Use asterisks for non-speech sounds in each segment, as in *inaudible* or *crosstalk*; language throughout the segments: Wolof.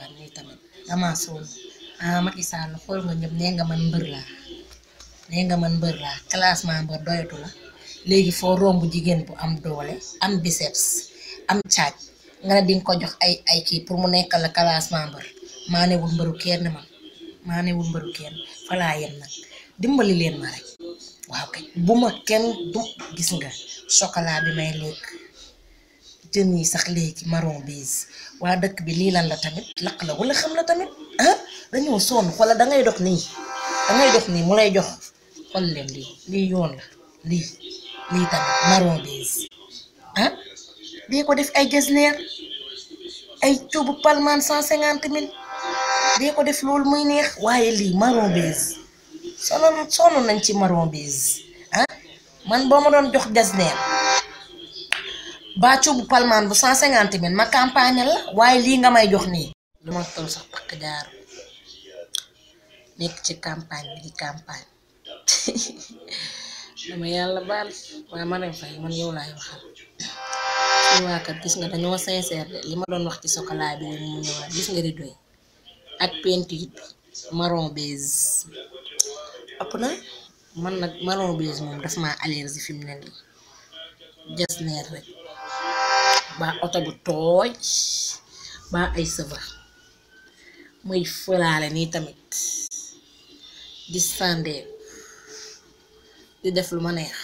waaw nii tamit damaa sonn ah Macky Sall xool la foo romb jigéen bu am doole am biceps am caaj nga ne di ko jox ay ay kii pour mu nekkal la classement mbër maa newul mbëru kenn man maa newul mbëru kenn falaa yem nag dimbali leen ma rek waaw kay bu ma kenn du gis nga chocolat bi may lekk. jën yi sax léegi marron beige waa dëkk bi lii lan la tamit laq la wala xam la tamit ah dañoo sonn xoolal da ngay dox nii da ngay dox nii mu lay jox xool leen lii lii yoon la lii lii tamit marron beige ah dee ko def ay gesneer ay cuubu palmaan cent cinquante mille dee ko def loolu muy neex waaye lii marron beige sonoon sonn nañ ci maron beige ah man boo ma doon jox gesneer bàccu bu palman bu 150 min ma campagne la way li nga may jox ni lu ma sax pak jaar nek ci campagne bi di campagne dama *laughs* yalla bal waaye ma dem fay man yow lay waxal ci wa ka gis nga dañu sincère de li ma doon wax ci sokolaa bi mu ñëwaat gis nga di doy ak peinture marron beige ëpp man nak marron beige mom daf ma allergie fi mu ne nii rek ba oto bu tooj ba ay sëva muy fëlaale nii tamit di sàndee di def lu ma neex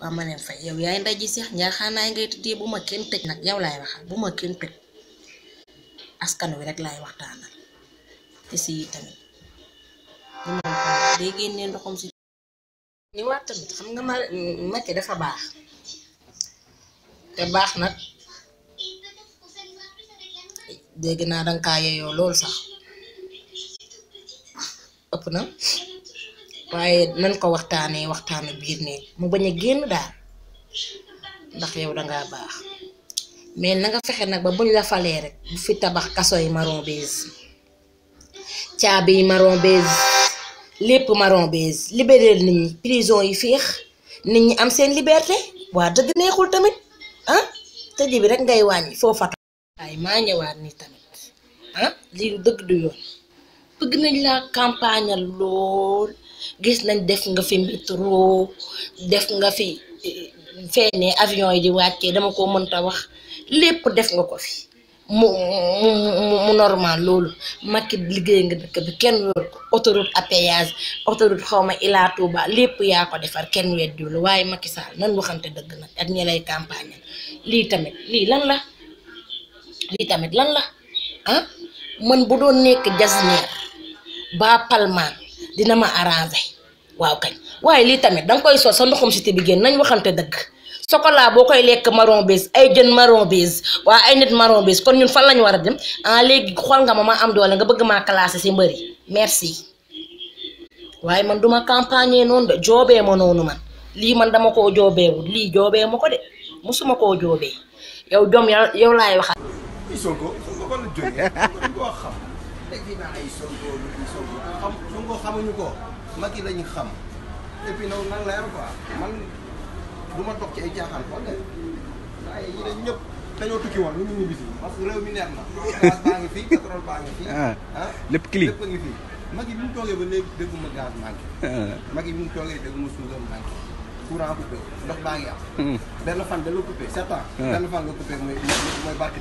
waa ma leen fay yow yaay nday ji seex njaaxaanaay ngay tëddee bu ma kenn tëj nag yow laay waxal bu ma kenn tëj askan wi rek laay waxtaanal te si yi tamit ñu génnee ndoxam si ni waat tamit xam nga ma Macky dafa baax te baax nag dégg naa danga kaa yeyoo loolu sax ëpp na waaye nan ko waxtaanee waxtaanu biir ne mu bañ a génn daal ndax yow dangaa baax mais na nga fexe nag ba buñ la falee rek bu fi tabax kaso yi marron beige caabi yi marron beige lépp marron beige libéral nit prison yi féex nit ñi am seen liberté waa dëgg neexul tamit ah tëj bi rek ngay wàññi foofa waaye maa ñëwaat nii tamit ah lii dëgg du yoon bëgg nañ laa campagne lool gis nañ def nga fi métro def nga fi eh, feene avion yi di wàccee dama ko mënta wax lépp def nga ko fi mu mu mu normal loolu Macky liggéey nga dëkk bi kenn wér ko autoroute à péage autoroute xawma Ila Touba lépp yaa ko defar kenn weddiwul waaye makki Sall nan waxante dëgg nag ak ñi lay campagne lii tamit lii lan la lii tamit lan la ah man bu doon nekk jasneer baa palmaan dina ma arrangé waaw kañ waaye lii tamit danga koy sol sa ndoxum si bi génn nañ waxante dëgg chocolat boo koy lekk marron base ay jën marron base waa ay nit marron base kon ñun fan la war a dem ah léegi xool nga ma am doole nga bëgg maa classé si mbër yi merci waaye man duma campagne noonu de joobee ma noonu man lii man dama ko joobeewul lii joobee ma ko de musuma koo joobee yow jom yow laay waxal. Sonko *laughs* du ma toog ci ay caaxaan xool de waaye yi dañ ñëpp dañoo tukki woon lu ñu ñu bisi parce que réew mi neex na gaz baa ngi fii pétrole baa ngi fii ah, ah lépp clean mag yi mu toogee ba léegi dégguma gaz manqué ah. mag yi bi mu toogee dégguma suukar manqué courant coupé ndox baa ngi am hmm. benn fan da la coupé sept ah. benn fan la coupé mooy mooy barke